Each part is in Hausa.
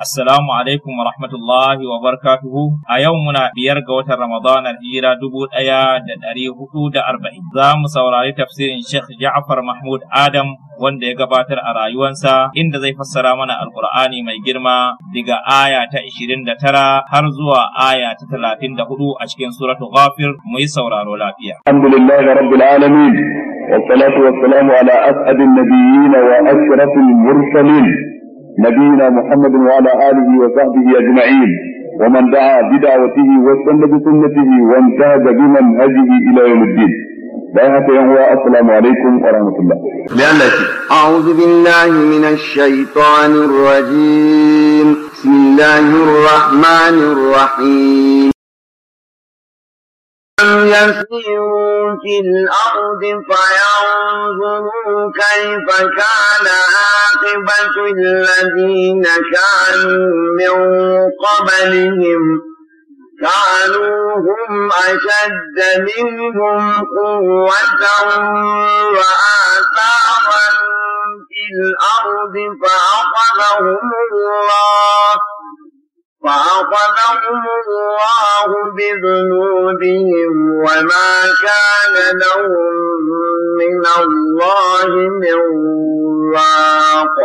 Assalamu alaikum wa rahmatullahi wa barakatuhu. A yau muna biyar ga watan Ramadan hira dubu ɗaya da ɗari hudu da arba'in. Za mu saurari tafsirin Sheikh Ja'far Mahmud Adam wanda ya gabatar a rayuwansa inda zai fassara mana alkur'ani mai girma daga aya ta 29 har zuwa aya ta 34 a cikin suratu ghafir mu yi sauraro lafiya. Alhamdulillah rabbil alamin. والصلاة والسلام على أسعد wa وأشرف المرسلين نبينا محمد وعلى آله وصحبه أجمعين ومن دعا بدعوته واستنى بسنته وانتهج بمنهجه إلى يوم الدين بيها يا السلام عليكم ورحمة الله لأنك أعوذ بالله من الشيطان الرجيم بسم الله الرحمن الرحيم أم يسيروا في الأرض فينظروا كيف كان عاقبة الذين كانوا من قبلهم كانوا هم أشد منهم قوة وآثارا في الأرض فأخذهم الله فأخذهم الله بذنوبهم وما كان لهم من الله من واق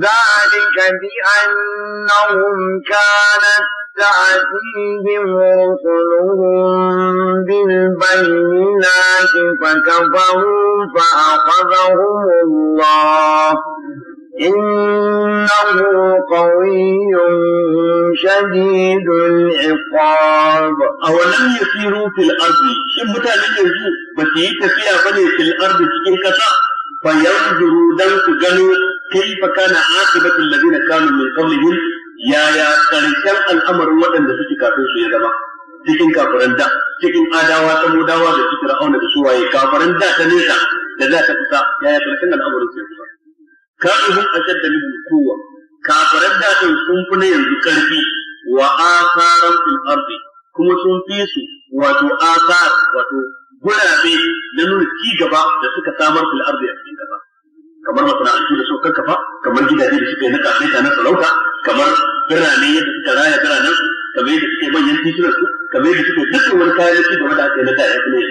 ذلك بأنهم كانت تأتيهم رسلهم بالبينات فكفروا فأخذهم الله إنه قوي شديد العقاب أولم يسيروا في الأرض شم متعلم يزو بس يتفيا بني في الأرض تكين كتا فينظروا دنك جنو كيف كان عاقبة الذين كانوا من قبلهم يا يا قرشان الأمر ودن دسك كافر سيدما cikin kafiran da cikin adawa ta mudawa da su fir'auna da suwaye kafiran da ta nesa da za ta fita yaya karshen al'amarin sai kusa kafirun ajadda min kuwa kafiran da din sun fi yanzu karfi wa asaran fil ardi kuma sun fi su wato asar wato gurabe da nuna ci gaba da suka samar fil ardi a cikin gaba kamar masana'antu da suka kafa kamar gidaje da suka yi na kafinta na sarauta kamar birane yadda suka raya biranen su kamar yadda suke manyan titunan su kamar yadda suke dukkan wani kayan ci gaba da aka yi na kayan su ne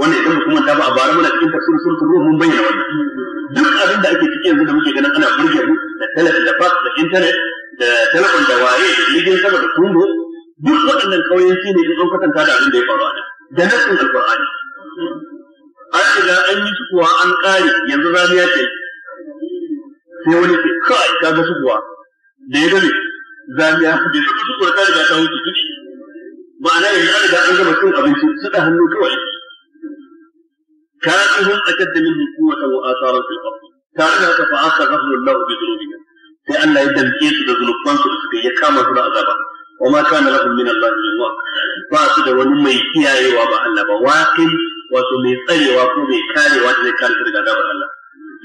wanda idan mutum manta ba a bara mana cikin tafsirin surutun ruhun bayyana wannan duk abin da ake ciki yanzu da muke ganin ana burge mu da talabijin da fax da intanet da telefon da waye da jirgin sama da tundo duk waɗannan kauyanci ne in kwatanta da abin da ya faru a da nasin alƙur'ani an shiga an yi sukuwa an ƙare yanzu ya ce sai wani ce kai ka ga sukuwa da ya gane zamiya da sukuwa ta riga ta wuce ma'ana yanzu an riga an gama cin abinci su da hannu kawai كافهم أشد منه قوة وآثارا في الأرض كافهم هكا فأخذهم الله بذنوبهم لأن يدل كيس بذنوبان سلسكي يكاما سنة أذابا وما كان لهم من الله من واقع فاسد ونمي كياي وابا الله بواقم وسمي طري وقومي كاري واتذي كان سرقا دابا الله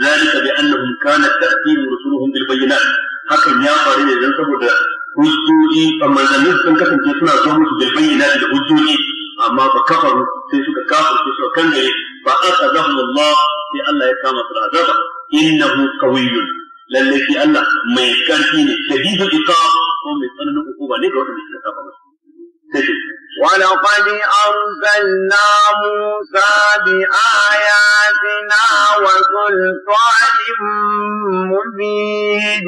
ذلك بأنهم كانت تأتيهم رسولهم بالبينات hakan ya faru ne don saboda hujjoji manzannin sun kasance suna zo musu da bayyana da hujjoji amma ba kafaru sai suka kafar suka kangare fa akhadhahum Allah sai Allah ya kama su azaba innahu qawiyyun lalle shi Allah mai karfi ne shadidul iqab ko mai tsananin hukuma ne ga wanda suka saba ولقد أرسلنا موسى بآياتنا وسلطان مبين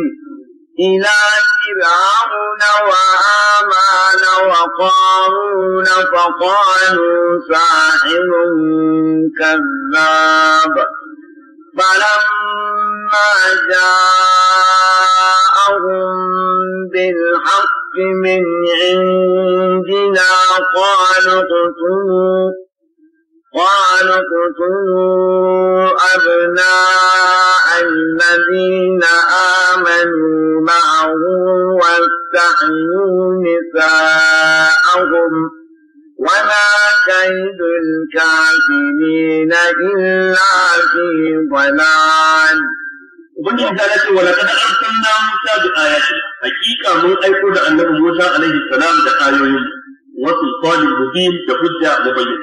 إلى فرعون وآمان وقارون فقالوا ساحر كذاب فلما جاءهم بالحق من عندنا قالوا اقتلوا قال اقتلوا أبناء الذين آمنوا معه واستحيوا نساءهم وما كيد الكافرين إلا في ضلال Ubangiji ta ce wa laqad arsalna Musa bi ayati hakika mun aiko da annabi Musa alaihi salam da ayoyin wa sultanin mubin da hujja mubayyin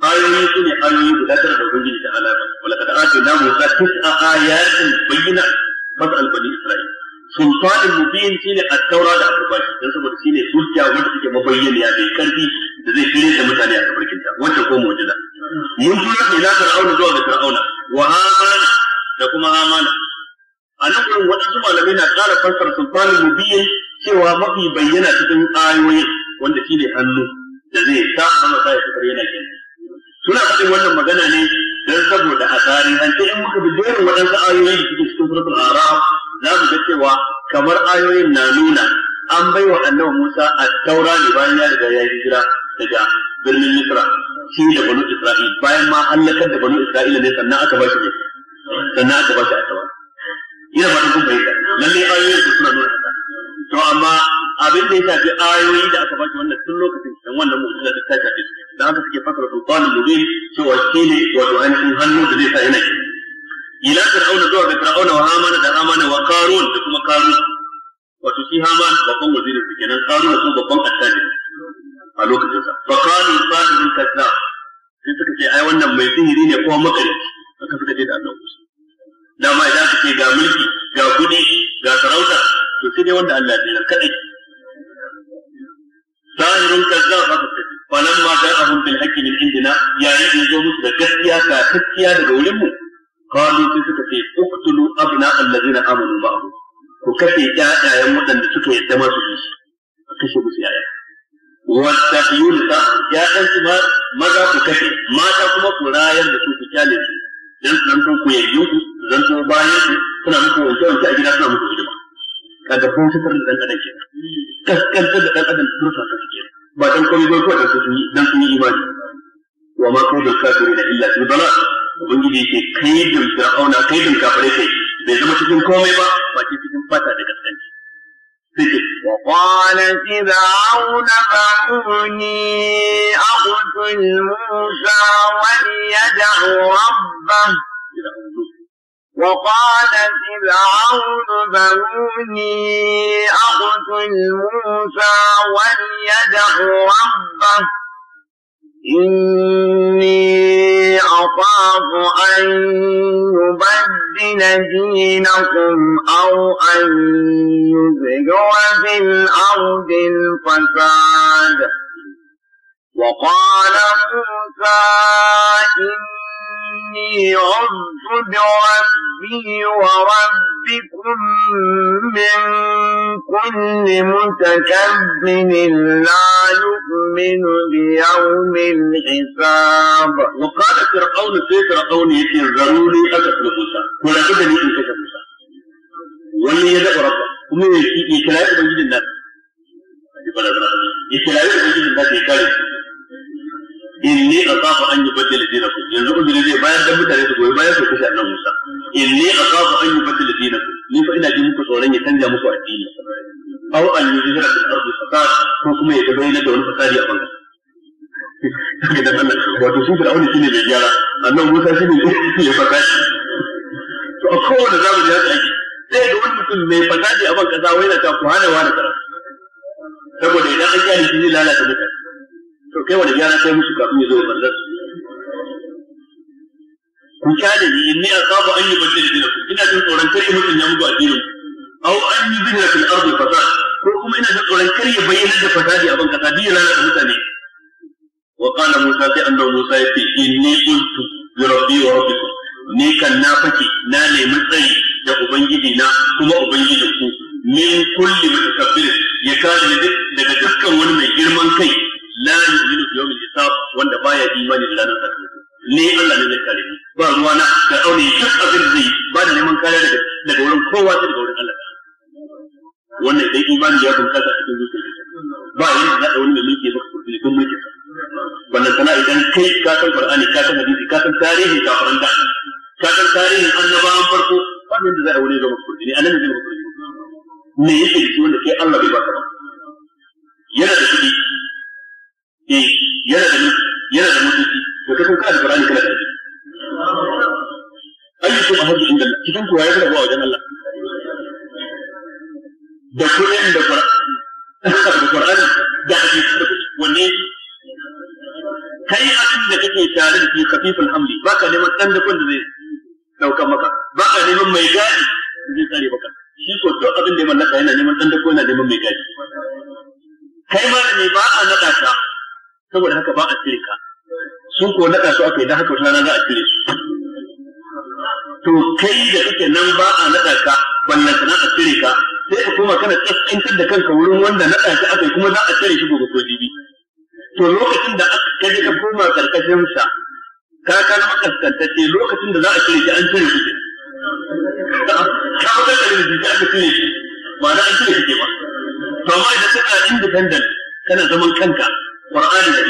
ayoyi su ne ayoyi guda tara da ubangiji ta ala ba wala kada ake na musa tis'a ayatin bayyana masu albani isra'il sultanin mubin shi ne taura da aka bashi don saboda shi ne hujja wanda take mabayyaniya mai karfi da zai shirya da mutane a tabarkinta wancan ko mu'jiza mun tura shi ila fir'auna zuwa ga fir'auna wa amana da kuma amana a nan gurin waɗansu malamai na ƙara fassar sultanin mubin cewa mafi bayyana cikin ayoyin wanda shi ne hannu da zai sa a masa ya fitar yana kenan muna faɗin wannan magana ne dan saboda a ce in muka bi jerin waɗansu ayoyin da suke cikin suratul araf za mu ga cewa kamar ayoyin na nuna an bai wa annabi Musa a taura ne bayan ya riga ya yi hijira daga birnin Misra shi da banu Isra'il bayan ma halakar da banu Isra'il ne sannan aka ba shi ne sannan aka ba shi a taura ina ba kun bayyana lalle ayoyin da suna nuna to amma abin da ya shafi ayoyi da aka ba shi wannan tun lokacin dan wannan mu'jiza ta shafi su da haka suke fasara sultanin mubin cewa shi ne wato ainihin hannu da zai sa yana shi ila fir'auna zuwa ga fir'auna wa hamana da hamana wa karun da kuma karun wato shi haman babban wazirin su kenan karun da babban attajiri a lokacin sa fa kanu sahirin kasna sai suka ce ai wannan mai sihiri ne ko makari haka suka ce da Allah dama idan ka ce ga mulki ga kudi ga sarauta to sai dai wanda Allah ya tsira kadai gaskiya tatacciya daga wurin mu qalu sai suka ce uqtulu abna allazina amanu ba ku kashe ƴaƴayen waɗanda suka yadda ma su shi a kashe musu ƴaƴa wata yulta ƴaƴan su ma maza ku kashe mata kuma ku rayar da su ku kyale su dan su zanto ku yayyu ku zanto bayan su suna muku wanke wanke a gida suna muku hidima kaga kun fitar da dan adam kenan kaskantar da dan adam turfa ta kenan ba dan komai ba ko da su dan su yi imani wa ma kaidu da illa fi dalal ubangiji yake kaidin fir'auna kaidin kafirai kai bai zama cikin komai ba ba cikin fata da kaskanci وقال فرعون فأتوني أقتل موسى وليدع ربه وقال فرعون ذروني أقتل موسى وليدع ربه إني أخاف أن يبدل دينكم أو أن يزهر في الأرض الفساد وقال موسى إني إني عذت بربي وربكم من كل متكبر لا يؤمن بيوم الحساب وقال فرعون في فرعون يتي ضروري أتكلم موسى ولا من أن تكلم موسى واللي يدعو ربه kuma ya yi ikirayi ubangijin nan ikirayi ubangijin nan ya kare inni asafa an yi yanzu uzuri zai bayar da mutane su goyi bayan su kashe annabi Musa ne a kafa an dina dinakum ni fa ina ji muku tsoron ya canja muku addini aw an yuzira fil ardi fasad ko kuma ya bayyana da wani fasadi a bangar da Allah wato su fir'auni shine mai gyara annan Musa shine ya shi. to a kowane zamani ya tsaki sai ga wani mutum mai fasadi a bangar kasa wai na ta ku hana wani karatu saboda idan an gyara shi zai lalata mutane to kai wani gyara sai musu kafin ya zo ya bangar su ku kyale ni inni asabu an yubaddil dinakum ina jin tsoron kar ya mutum ya mutu addinin aw an yudilla fil ardi fasad ko kuma ina jin tsoron kar ya bayyana da fasadi a ban kasa ya lalata mutane wa qala musa sai annabi musa ya ce inni qultu bi rabbi wa rabbikum ni kan na fake na nemi tsayi da ubangiji na kuma ubangiji ku min kulli mutakabbirin ya kare ni daga dukkan wani mai girman kai la yu'minu bi yawmil hisab wanda baya imani da ranar sakamako ni Allah ne zai kare ni ba ruwa na da tsauni duk abin zai ba da neman kariya daga daga wurin kowa sai daga wurin Allah wannan idan imani ya bunkasa cikin zuciya ba yin da wani da mulki ba kuma kun mulki wannan sana idan kai ka san Qur'ani ka san hadisi ka san tarihi ka san da ka san tarihin annabawan farko wannan da za a wani ga mutum ne annabi zai mutum me yake da shi wanda sai Allah bai baka ba yana da kuɗi eh yana da yana da mutunci to kai kun ka Qur'ani kana da an yi kuma hajji inda cikin kuwa ya rabuwa wajen Allah da Qur'an da Qur'an da hadisi da wanne kai abin da kake tare da shi kafifin hamli ba ka neman dan da da zai dauka maka ba ka neman mai gadi zai tsare maka shi ko to abin da ya mallaka yana neman dan da yana neman mai gadi kai ma ne ba a nada ka saboda haka ba a tsirka sun ko naɗa su aka yi don haka wata rana za a cire su to kai da kake nan ba a naɗa ka ballanta na a cire ka sai ka koma kana tsantsantar da kanka wurin wanda naɗa ka aka yi kuma za a cire shi gobe ko jibi to lokacin da aka je ka koma ƙarƙashin sa ka ka zama lokacin da za a cire shi an cire shi ka wata kalin jiki aka cire shi ba na an cire shi ke ba to amma idan kana independent kana zaman kanka Qur'ani da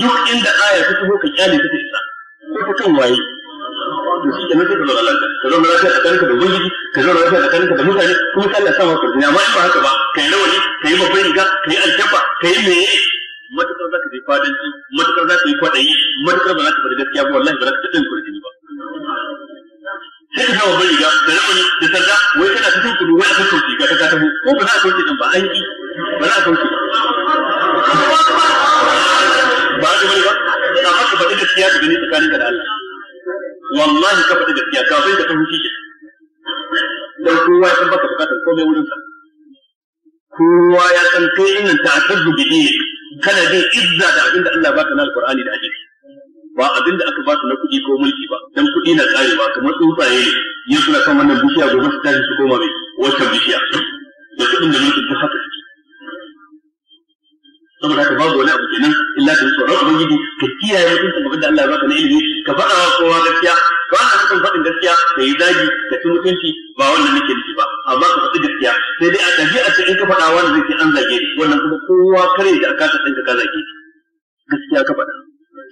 duk inda aya ta taho ka kyale ta isa ko kan waye to shi kenan sai ka zo Allah ka zo lafiya da gudu ka zo lafiya da mutane kuma ka Allah sama ka duniya amma ba haka ba kai rawani kai babban riga kai alkaba kai meye matakar za ka je fadanci matakar za ka yi kwaɗayi matakar ba za ka faɗi gaskiya ba wallahi ba za ka taɓa yin ba sai ka kawo bari ga da rabani da sanda wai kana ta kudu wai a kan ga ta taho ko ba za a kauce din ba an yi ba za a kauce ba ba haka bane ba amma ka faɗi gaskiya ka gani tsakaninka da Allah wallahi ka faɗi gaskiya kafin ka ta kike dan kowa ya san baka bukatar komai wurin ka kowa ya san kai inna ta'azzub bi kana jin izza da abin da Allah baka na alqur'ani da hadisi ba abin da aka baka na kuɗi ko mulki ba dan kuɗi na tsarewa kamar tsuntsaye ne yin suna kan wannan bishiya gobe su tashi su koma mai wata bishiya da kuɗin da mulkin ta haka suke saboda haka babu wani abu kenan illa ka tsoron ubangiji ka kiyaye mutuncin abin da Allah ya baka na ilimi ka faɗa kowa gaskiya ba a cikin faɗin gaskiya ka yi zagi ka ci mutunci ba wannan nake nufi ba amma ka faɗi gaskiya sai dai a tafi a ce in ka faɗa wani zai ce an zage wannan kuma kowa kare da aka san ka zage gaskiya ka faɗa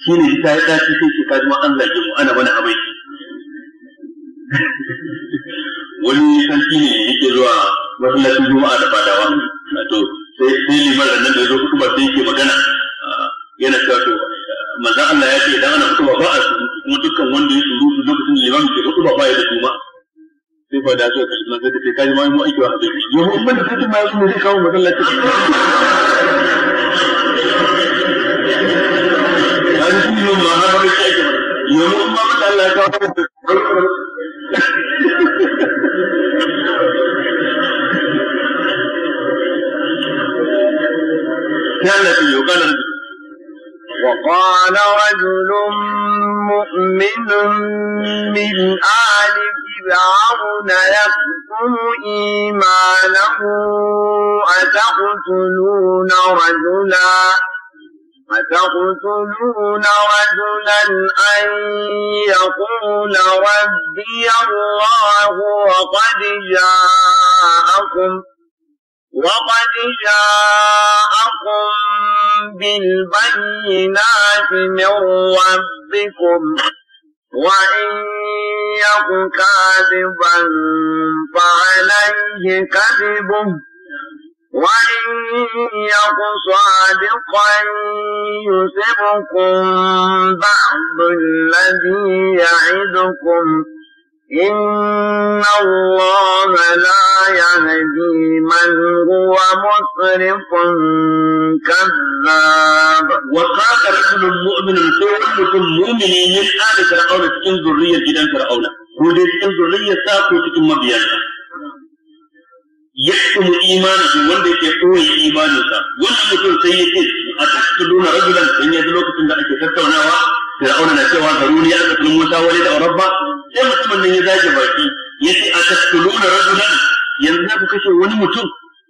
shi ne ta yi ɗaci sai ce ka ji ma an zage mu ana mana abai. wani sarki ne yake zuwa masallacin juma'a da fadawa na to sai fili mara nan da ya zo hudu ba sai yake magana ah, yana cewa to manzan Allah ya ce idan ana hudu ba a kuma dukkan wanda ya su lokacin da liman ke hudu ba ya da kuma sai fa da so ka nan sai ka kaji ma mu aiki wa habibi yo mun da sai ma mu zai kawo masallaci an yi Allah ya kawo التي وقال رجل وقال رجل مؤمن من آل فرعون يكتم إيمانه أتقتلون رجلا أتقتلون رجلا أن يقول ربي الله وقد جاءكم وقد جاءكم بالبينات من ربكم وإن يك كاذبا فعليه كذبه وإن يك صادقا يصبكم بعض الذي يعدكم إن الله لا يهدي من هو مسرف كذاب وقال رجل المؤمن سوء مؤمن من آل فرعون تكون ذرية جدا فرعون وذي تكون ذرية ساقو تكون مبيانا يحكم إيمانه وندي تقوي إيمانك وندي تقوي سيئتك أتقتلون رجلا أن يدلوك تنجأك تتوناوا fir'auna na cewa zaruni aka tun musa wani da Urabba sai mutumin nan ya zage baki ya ce a taskuluna rajulan yanzu za ku kashe wani mutum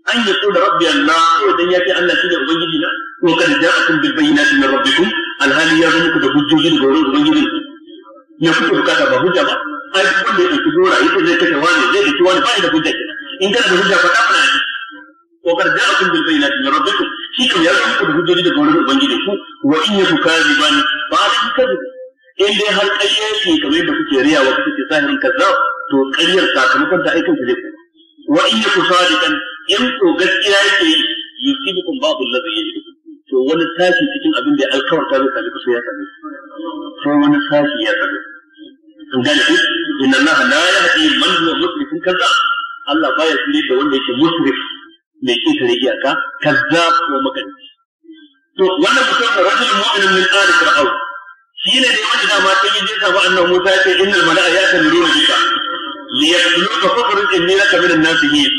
an yi da rabbi Allah ko dan ya ce Allah shi ne ubangiji na ko kan ja'akum bil bayyinati min rabbikum alhali ya zama muku da hujjoji daga wurin ubangiji ne kuke bukata ba hujja ba ai wanda ya ɗauki gora yake zai kashe wani zai ɗauki wani ba da hujja in kana da hujja ba ka fara ko kan ja'akum bil bayyinati min rabbikum shi ya kuka da hujjoji daga wurin ubangiji ku wa in yaku kaziban ba su kazibi in dai har ƙarya ce kamar yadda kuke riyawa kuke sahirin kazzab to ƙaryar sakamakon da aikin ku zai ku wa in yaku sadiqan in to gaskiya yake yi yusibukum ba'd allazi yajidu to wani sashi cikin abin da ta zai sami kusa ya sami to wani sashi ya sami in gane ku inna allaha la yahdi man huwa musrifun kazzab Allah baya shirye da wanda yake musrif mai ƙetare iyaka kazzab ko makanci to wannan mutum da rajul mu'min min ali fir'aun shi ne da wanda dama ta yi je samu annabi Musa ya ce innal mala'a ya tamuruna bika liyaqtuluka fakhruj inni laka min an-nasihin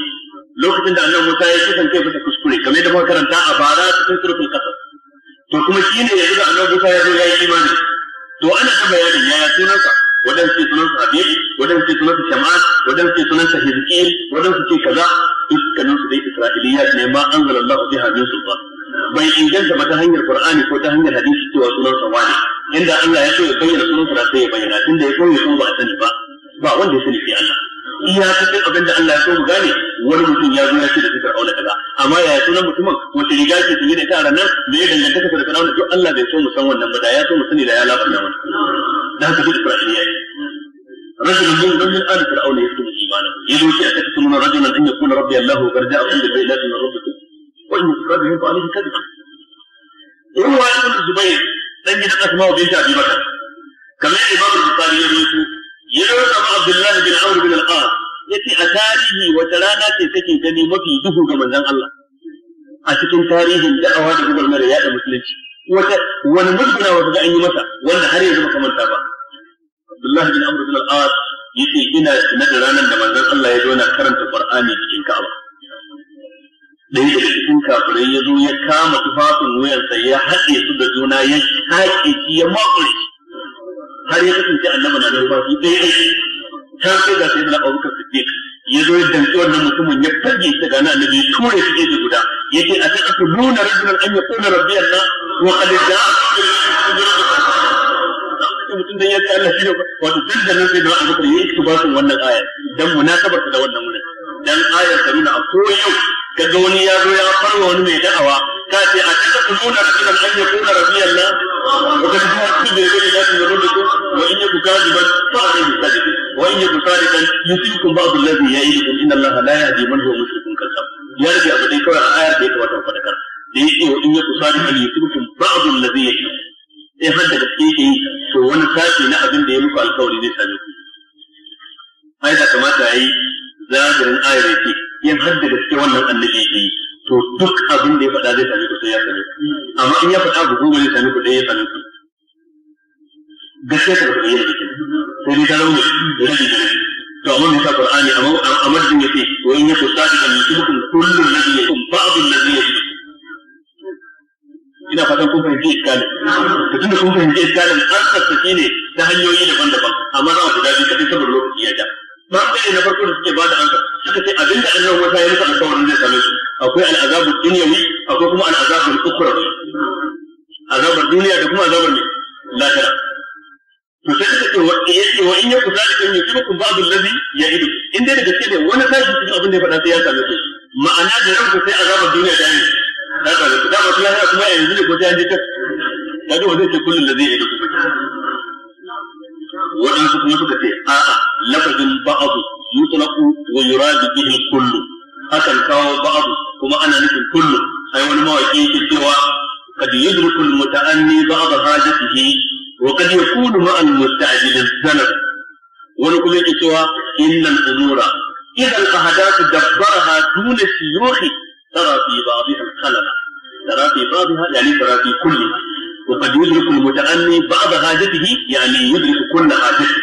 lokacin da annabi Musa ya kai bisa kuskure kamar da makaranta a bara cikin surfin kasar to kuma shi ne yanzu da annabi Musa ya zo ya yi imani to ana ta bayanin yaya sunansa wadan ce sunan su habib wadan ce sunan su shamal wadan ce sunan su hizqil wadan ce kaza dukkanin su dai isra'iliyat ne ma anzalallahu biha min sultan bai inganta ba ta hanyar qur'ani ko ta hanyar hadisi cewa sunan sa wani inda Allah ya so ya bayyana sunan sa sai ya bayyana tunda ya so ya so ba a sani ba ba wanda ya sani sai Allah iya cikin abin da Allah ya so mu gane wani mutum ya zo ya ce da ta fir'auna kaza amma yaya sunan mutumin wata riga ce ta yi da ta ranar da ya danganta ta fir'auna duk Allah bai so mu san wannan ba da ya so mu sani da ya lafa mana da haka duk Isra'iliya ne رجل من ضمن آل فرعون يكتم إيمانه يدعو في أتكتمون رجلا أن يقول ربي الله وقد جاءكم بالبينات من ربكم وإن إسرائيل ينفع عليه كذبا روى الزبير لن يتقسمه بنت أبي بكر كما الإمام البخاري يروي ya zama Abdullahi bin Amr bin al-As yace a tarihi wata rana ce take gani mafi duhu ga manzon Allah a cikin tarihin da'awa da gubar ya da musulunci wata wani musguna wata da an yi masa wanda har yanzu ba kamanta ba Abdullahi bin Amr bin al-As yace ina tuna da ranar da manzon Allah ya zo na karanta Qur'ani cikin Ka'aba ɗaya daga cikin kafirai ya zo ya kama tufafin wuyansa ya haɗe su da juna ya haƙe shi ya makure shi har ya kasance annabi na da rufafi ɗaya ɗaya ta ce ga sai da abubakar siddiq ya zo yadda danci wannan mutumin ya fage shi ga na annabi ture shi gefe guda ya ce a sai ake nuna rajulan an ya kuna rabbi Allah wa qad ja'a mutum dan ya ce Allah shi ne wato dan da nan sai da abubakar ya yi su ba su wannan ayar dan munasabar da wannan mutum dan ayar ta nuna a koyau kaga wani ya zo ya farwa wani mai da'awa ka ce a cikin kuduna da kiran an yakun da rabi Allah wa ka ji ku da yake da cikin ko wa in yaku kadiban fa a yi kadibi wa in yaku kadiban yusikum ba'd allazi ya'idukum inna Allah la yahdi man huwa mushrikun kadhab ya rage abu dai kawai ayar da ya tawata fadakar da yake wa in yaku kadiban yusikum ba'd allazi ya'idukum in har da gaske yake yi to wani sashi na abin da ya muku alkawari zai same ku ai da kamata yayi zahirin ayar yake ya da gaske wannan annabi ne to duk abin da ya faɗa zai sami kuɗi ya sami amma in ya faɗa ku goma zai sami kuɗi ya sami gaskiya ka kuɗi ya sami sai ni ta rauni rabi da rabi to amma bisa qur'ani amma amma din yace wa in yakun sadiqan na kullu alladhi ba ba'd alladhi yakum ina fatan kun fahimci iskalin to tunda kun fahimci iskalin an tsaftace ne ta hanyoyi daban-daban amma za a guda biyu kadai saboda lokaci ya ja ba kai na farko da suke bada ansa suka ce abinda annabi Musa ya musu alƙawarin zai same su akwai al'azabu dunyawi akwai kuma al'azabu ukhrawi azabar duniya da kuma azabar ne lahira to sai suka ce wa in ya kusa da yaku zalikan yusibukum ba'du ya ya'idu in dai da gaske ne wani sashi cikin abin da ya faɗa sai ya same su ma'ana da ranku sai azabar duniya da ne da ba su lahira kuma yanzu ne ko sai an je ta kaga wa zai ce kullun da zai yi وإن kuma suka ce لفظ lafazin يطلق ويراد به الكل bihi kullu akan kawo ba'adu kuma ana nufin kullu ai wani mawaki قد يدرك المتأني بعض حاجته وقد يكون مع المستعجل الذنب ونقول سوى إن الأمور إذا الأحداث دبرها دون الشيوخ ترى في بعضها الخلل ترى في بعضها يعني ترى في كلها وقد يدرك المتأني بعض حاجته يعني يدرك كل حاجته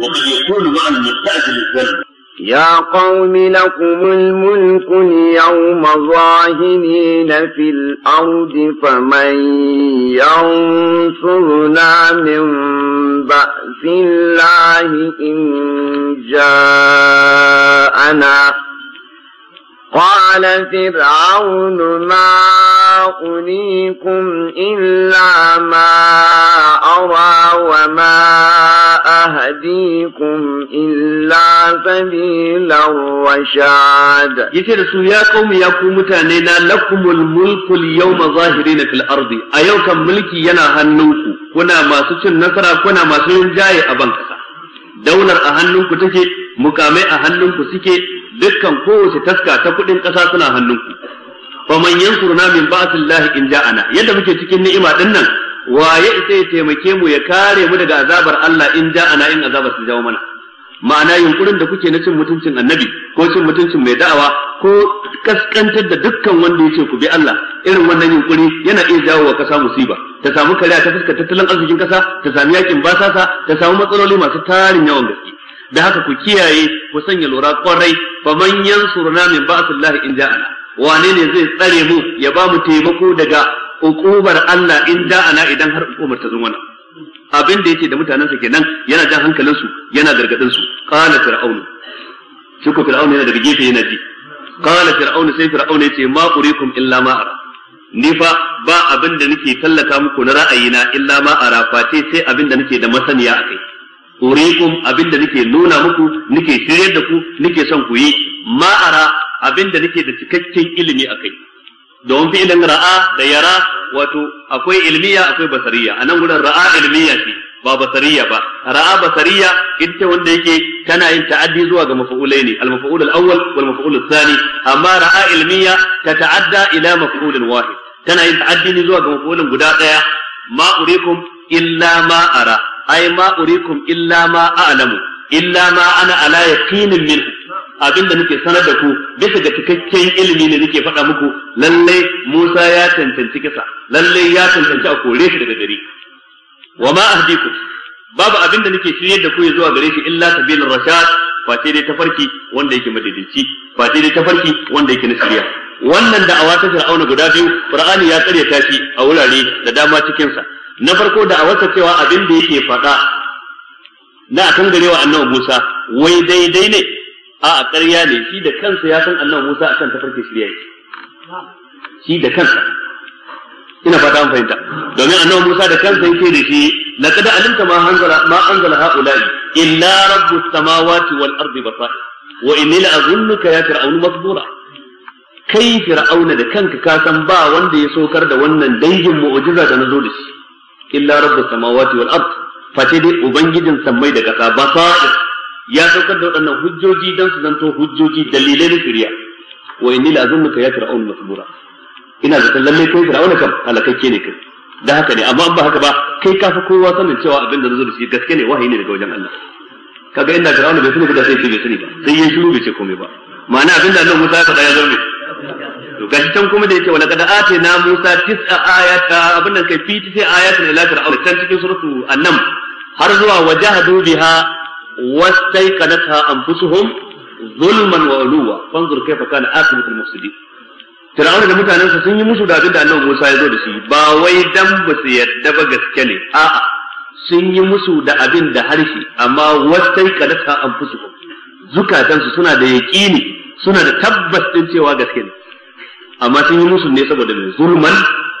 وقد يكون مع المستأجل الذنب يا قوم لكم الملك اليوم ظاهرين في الأرض فمن ينصرنا من بأس الله إن جاءنا قال فرعون ما أريكم إلا ما أرى وما أهديكم إلا سبيل الرشاد يتر سوياكم يقوم تانينا لكم الملك اليوم ظاهرين في الأرض أيوك ملكي ينا هنوكو كنا ما سوشن نصرا كنا ما سوشن جاي أبنكسا daular a hannunku مقامي mukamai a dukkan kowace taska ta kudin kasa suna hannunku faman yansurna min ba'sillahi in ja'ana yadda muke cikin ni'ima din nan waye ita ya taimake mu ya kare mu daga azabar Allah in ja'ana in azabar su jawo mana ma'ana yunkurin da kuke na cin mutuncin annabi ko cin mutuncin mai da'awa ko kaskantar da dukkan wanda ya ce ku bi Allah irin wannan yunkuri yana iya jawo wa kasa musiba ta samu kariya ta fuskar tattalin arzikin kasa ta samu yakin basasa ta samu matsaloli masu tarin yawan gaske da haka ku kiyaye ku sanya lura kwarai fa man yansuruna min ba'sillahi in ja'ana wane ne zai tsare mu ya ba mu taimako daga ukubar Allah in da'ana idan har ukubar ta zo mana abin da yake da mutanensa kenan yana jan su yana gargadin su qala fir'aun shi ko fir'aun yana daga gefe yana ji qala fir'aun sai fir'aun yace ma urikum illa ma ara ni fa ba abin da nake tallaka muku na ra'ayina illa ma ara face sai abin da nake da masaniya akai urikum abinda nake nuna muku nake shiryar da ku nake son ku yi ma ara abinda nake da cikakken ilimi akai don fi'ilin ra'a da yara wato akwai ilmiya akwai basariya anan gurin ra'a ilmiya ce ba basariya ba ra'a basariya ita wanda yake tana yin ta'addi zuwa ga mafa'ulai ne al-mafa'ul al-awwal wal mafa'ul al-thani amma ra'a ilmiya ta ta'adda ila mafa'ul wahid tana yin ta'addi ne zuwa ga mafa'ulin guda daya ma urikum illa ma ara ai ma urikum illa ma a'lamu illa ma ana ala yaqinin min abinda nake sanar da ku bisa ga cikakken ilimi ne nake faɗa muku lalle Musa ya tantance kisa lalle ya tantance a kore shi daga gari wa ma ahdikum babu abinda nake shirye da ku zuwa gare shi illa sabilur rashad ba sai dai tafarki wanda yake madaidaici ba sai dai tafarki wanda yake na shirya wannan da'awa ta Fir'auna guda biyu Qur'ani ya karyata shi a wurare da dama cikin sa na farko da a awarsa cewa abin da yake faɗa na akan garewa annabi Musa wai daidai ne a a ƙarya ne shi da kansa ya san annabi Musa akan farke shirya yake shi da kansa ina fata an fahimta domin annabi Musa da kansa yake da shi laqad alimta ma anzala ma anzala haula'i illa rabbus samawati wal ardi basair wa inni la azunnuka ya fir'aunu masbura kai fir'auna da kanka ka san ba wanda ya sokar da wannan dangin mu'jiza da na zo da shi illa rabbus samawati wal ard face dai ubangijin sammai da kasa basair ya saukar da waɗannan hujjoji dan su zanto hujjoji dalilai na shari'a wa inni la'azunnuka ya fir'aun masbura ina zaton lalle kai fir'auna kam halakakke ne kai da haka ne amma ba haka ba kai ka fi kowa sanin cewa abin da zo da shi gaske ne wahayi ne daga wajen Allah kaga inda fir'auna bai sani ba sai ce bai sani ba sai yin shiru bai ce komai ba ma'ana abin da Allah Musa ya faɗa ya zama to ga can kuma da yake walaqad atayna Musa tis'a ayata abin da kai sai tis'a ayatin ila fir'auna can cikin suratu annam har zuwa wajahadu biha wastayqanatha anfusuhum zulman wa uluwa fanzur kayfa kana akibatul mufsidin Fir'auna da mutanensa sun yi musu da abin da Annabi Musa ya zo da shi ba wai dan ba su yadda ba gaske ne a'a sun yi musu da abin da harshe amma wastayqanatha anfusuhum zukatansu suna da yaƙini suna da tabbas din cewa gaske ne amma sun yi musu ne saboda mai zulman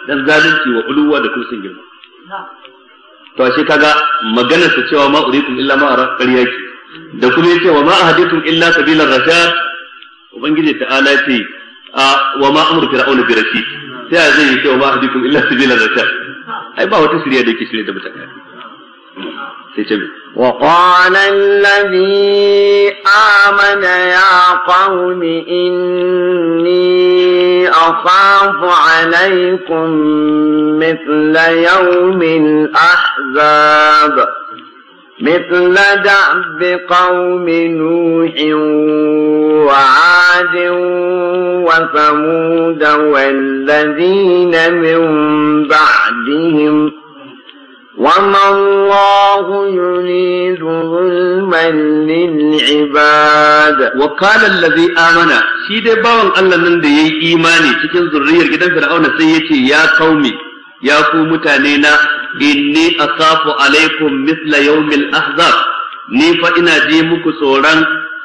dan zalunci wa uluwa da kursin girma to ashe kaga maganar ta cewa ma urikum illa ma ara ƙarya ke da kuma yace wa ma ahadithum illa sabilar rashad ubangiji ta'ala ce a wa ma amru fir'auna bi rashid sai a zai yace wa ma ahadithum illa sabilar rashad ai ba wata shirya da yake shirya da mutaka sai ce وقال الذي آمن يا قوم إني أخاف عليكم مثل يوم الأحزاب مثل دأب قوم نوح وعاد وثمود والذين من بعدهم وما الله يريد ظلما للعباد وقال الذي آمن شي dai bawan Allah nan da ya yi imani cikin zurriyar gidan Fir'auna sai yace ya qaumi ya ku mutane na inni asafu alaikum mithla yawmil ahzab ni fa ina je muku tsoron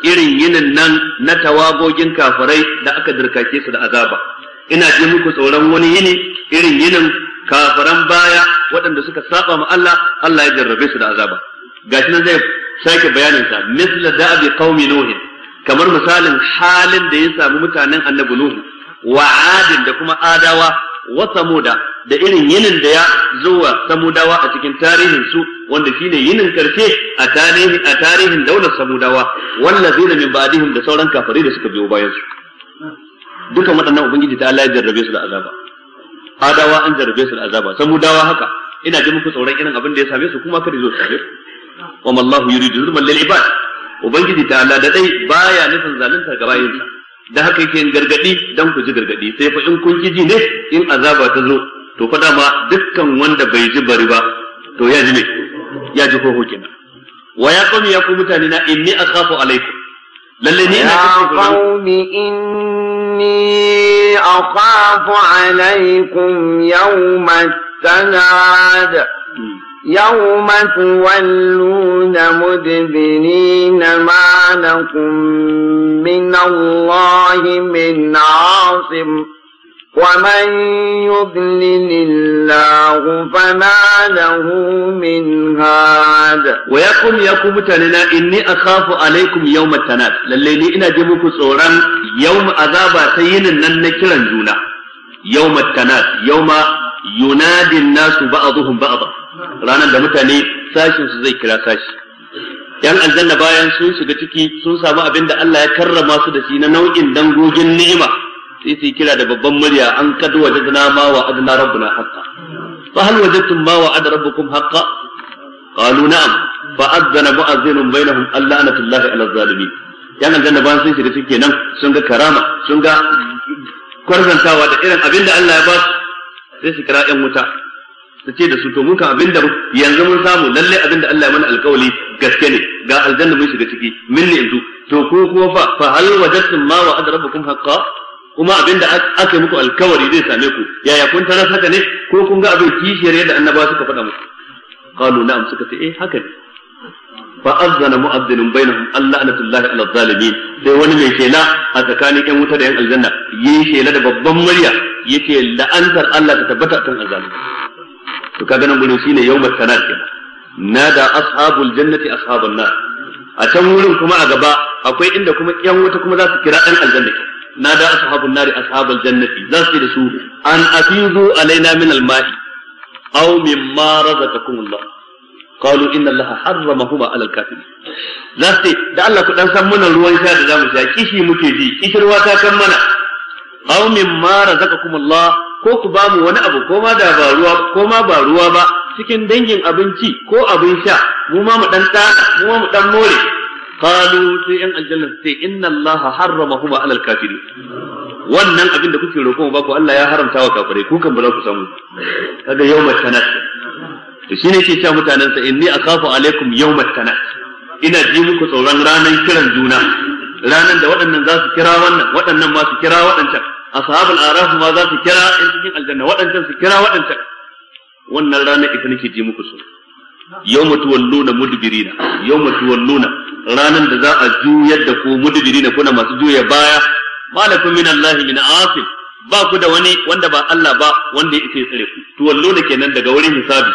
irin yinin nan na tawagogin kafirai da aka dirkake su da azaba ina je muku tsoron wani yini irin yinin kafiran baya waɗanda suka saba ma Allah Allah ya jarrabe su da azaba gashi nan zai sake bayanin sa misla da'abi qaumi nuh kamar misalin halin da ya samu mutanen annabi nuh wa adin da kuma adawa wa samuda da irin yinin da ya zo samudawa a cikin tarihin su wanda shine yinin karshe a tarihin a tarihin daular samudawa wallazina min ba'dihim da sauran kafirai da suka biyo bayan su dukan waɗannan ubangiji ta Allah ya jarrabe su da azaba adawa an jarabe su da azaba dawa haka ina ji muku tsoron irin abin da ya same su kuma kada zo same wa mallahu yuridu zulman lil ibad ubangiji ta Allah da dai baya nufin zalunta ga bayinsa da haka yake yin gargadi dan ku ji gargadi sai fa in kun ji ne in azaba ta zo to fa dama dukkan wanda bai ji bari ba to ya ji ne ya ji ko kenan wa ya qawmi ya ku mutane na inni akhafu alaikum lalle ni ina cikin أخاف عليكم يوم التناد يوم تولون مدبرين ما لكم من الله من عاصم ومن يضلل الله فما له من هاد ويقول يقول متننا إني أخاف عليكم يوم التناد للي إنا جبوك صورا يوم أذابا سين ننكرا جونا يوم التناد يوم ينادي الناس بعضهم بعضا رانا دمتني ساشي سزيك لا ساشي yan aljanna bayan sun shiga ciki sun samu abin da Allah ya karrama su da shi na nau'in dangogin ni'ima sai su kira da babban murya an kad wajadna ma wa adna rabbuna haqqa fa hal wajadtum ma wa adna rabbukum haqqa qalu na'am fa adzana mu'azzinun bainahum allanatullahi ala zalimin yan aljanna bayan sun shiga cikin nan sun ga karama sun ga kwarzantawa da irin abinda Allah ya ba su sai su kira yan wuta su ce da su to mun kan abinda yanzu mun samu lalle abinda Allah ya mana alkawali gaske ne ga aljanna mun shiga ciki min ne yanzu to ko kuma fa fa hal wajadtum ma wa adna rabbukum haqqa kuma abinda da aka yi muku alkawari zai same ku yaya kun tarar haka ne ko kun ga abin kishiyar yadda annaba suka faɗa muku qalu na'am suka ce eh haka ne fa azzana mu'adhdhinun bainahum allah ala zalimin sai wani mai shela a tsakanin yan wuta da yan aljanna yi shela da babban murya yace la'antar Allah ta tabbata kan azalimi to kaga nan gurin shine yawmat tanar kenan nada ashabul jannati ashabun nar a can wurin kuma a gaba akwai inda kuma yan wuta kuma za su kira ɗan aljanna kenan nada ashabun nari ashabal jannati za su an afizu alaina min alma'i aw mimma razaqakum Allah qalu inna Allah harramahuma alal kafirin za su da Allah ku ɗan san mana ruwan sha da zamu sha kishi muke bi, kishirwa ta kan mana ko ku ba mu wani abu ko ma da ba ruwa ko ma ba ruwa ba cikin dangin abinci ko abin sha mu ma mu dan mu ma mu dan more qalu sai yan aljanna su ce inna allaha harramahuma alal kafirin wannan abin da kuke roƙon ba ku Allah ya haramta wa kafirai ku kan ba za ku samu kaga yawmat tanat to shine yake cewa mutanen sa inni akhafu alaikum yawmat tanat ina ji muku tsoron ranan kiran juna ranan da waɗannan za su kira wannan waɗannan ma su kira waɗancan ashabul araf ma za su kira in cikin aljanna waɗancan su kira waɗancan wannan ranar ita nake ji muku so yawma tuwalluna mudbirina yawma tuwalluna ranan da za a juyar da ku na kuna masu juya baya malakum min Allah min asif ba ku da wani wanda ba Allah ba wanda ya tsare ku to wallo da kenan daga wurin hisabi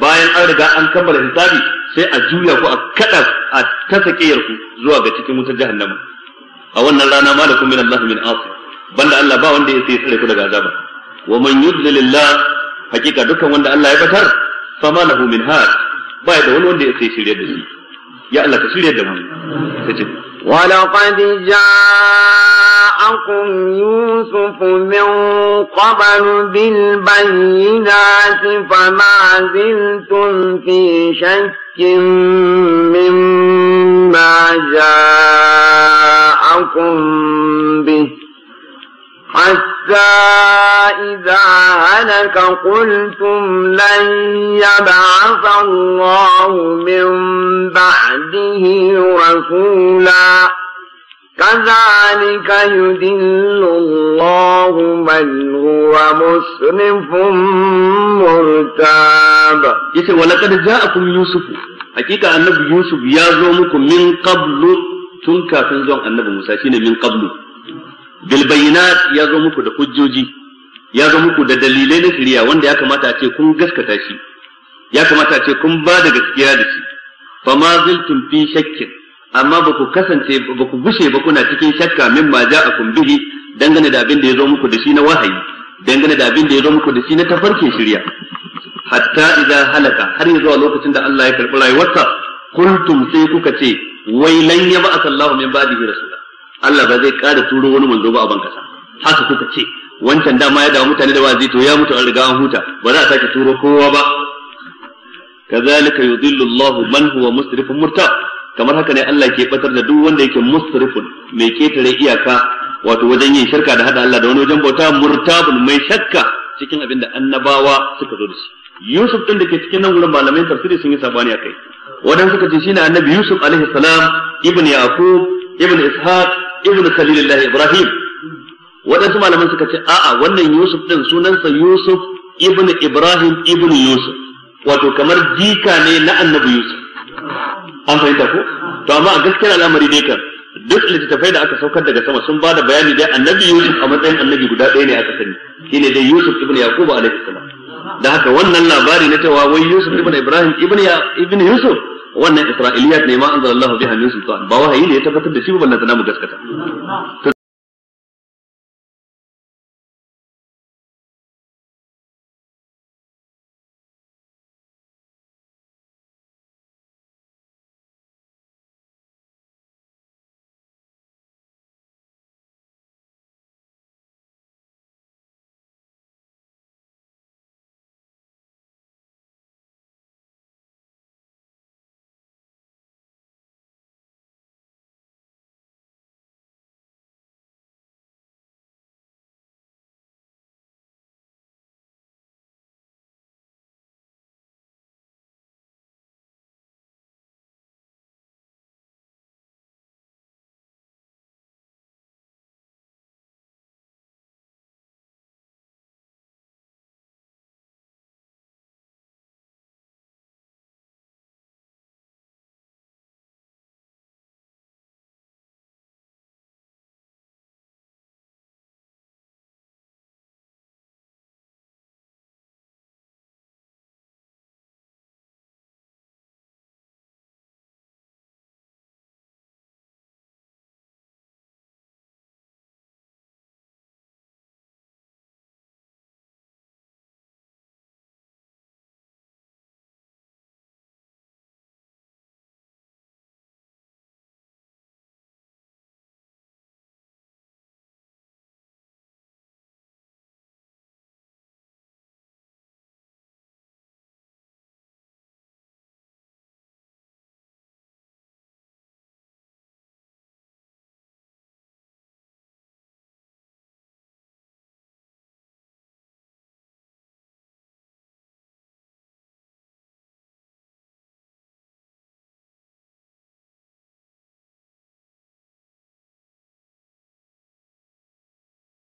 bayan an riga an kammala hisabi sai a juya ku a kada a tasakiyar ku zuwa ga cikin wutar jahannama a wannan rana malakum min Allah min asif banda Allah ba wanda ya tsare ku daga azaba wa man yudlilillah hakika dukkan wanda Allah ya batar fa malahu min had ba da wani wanda ya shirye da shi يا الله ka shirya ولقد جاءكم يوسف من قبل بالبينات فما زلتم في شك مما جاءكم به حتى إذا هلك قلتم لن يبعث الله من بعده رسولا كذلك يدل الله من هو مسرف مرتاب يسي ولقد جاءكم يوسف حقيقة النبي يوسف يازومكم من قبل تنكا تنزون النبي موسى من قبل bilbayinat ya zo muku da hujjoji ya zo muku da dalilai na shari'a wanda ya kamata a ce kun gaskata shi ya kamata a ce kun ba da gaskiya da shi fa ma ziltum fi shakkin amma ba ku kasance ba ku gushe ba kuna cikin shakka min ma ja'akum bihi dangane da abin da ya zo muku da shi na wahayi dangane da abin da ya zo muku da shi na tafarkin shirya. hatta idan halaka har ya a lokacin da Allah ya karɓi rayuwarsa kuntum sai kuka ce wai lan ya ba asallahu min ba'dihi rasula Allah ba zai ƙara turo wani manzo ba a ban sa haka kuka ce wancan dama ya dawo mutane da wazi to ya mutu an riga an huta ba za a sake turo kowa ba kazalika yudillu Allahu man huwa musrifun murtab kamar haka ne Allah ke batar da duk wanda yake musrifun mai ketare iyaka wato wajen yin shirka da hada Allah da wani wajen bauta murtabun mai shakka cikin abin da annabawa suka zo da shi Yusuf din da ke cikin nan gurin malamai tafsiri sun yi sabani akai wadan suka ce shine annabi Yusuf alaihi salam ibn Yaqub ibn ishaq ibn khalilullah ibrahim waɗansu malaman suka ce a'a wannan yusuf din sunansa yusuf ibn ibrahim ibn yusuf wato kamar jika ne na annabi yusuf an fahimta ko to amma a gaskiyar al'amari dai kan duk littattafai da aka saukar daga sama sun bada bayani dai annabi yusuf a matsayin annabi guda ɗaya ne aka sani shine dai yusuf ibn yaquba alaihi salam da haka wannan labari na cewa wai yusuf ibn ibrahim ibn ibn yusuf wannan isra'iliyat ne ma anzalallahu biha min sultan ba wahayi ne ya tabbatar da shi ba ballanta namu gaskata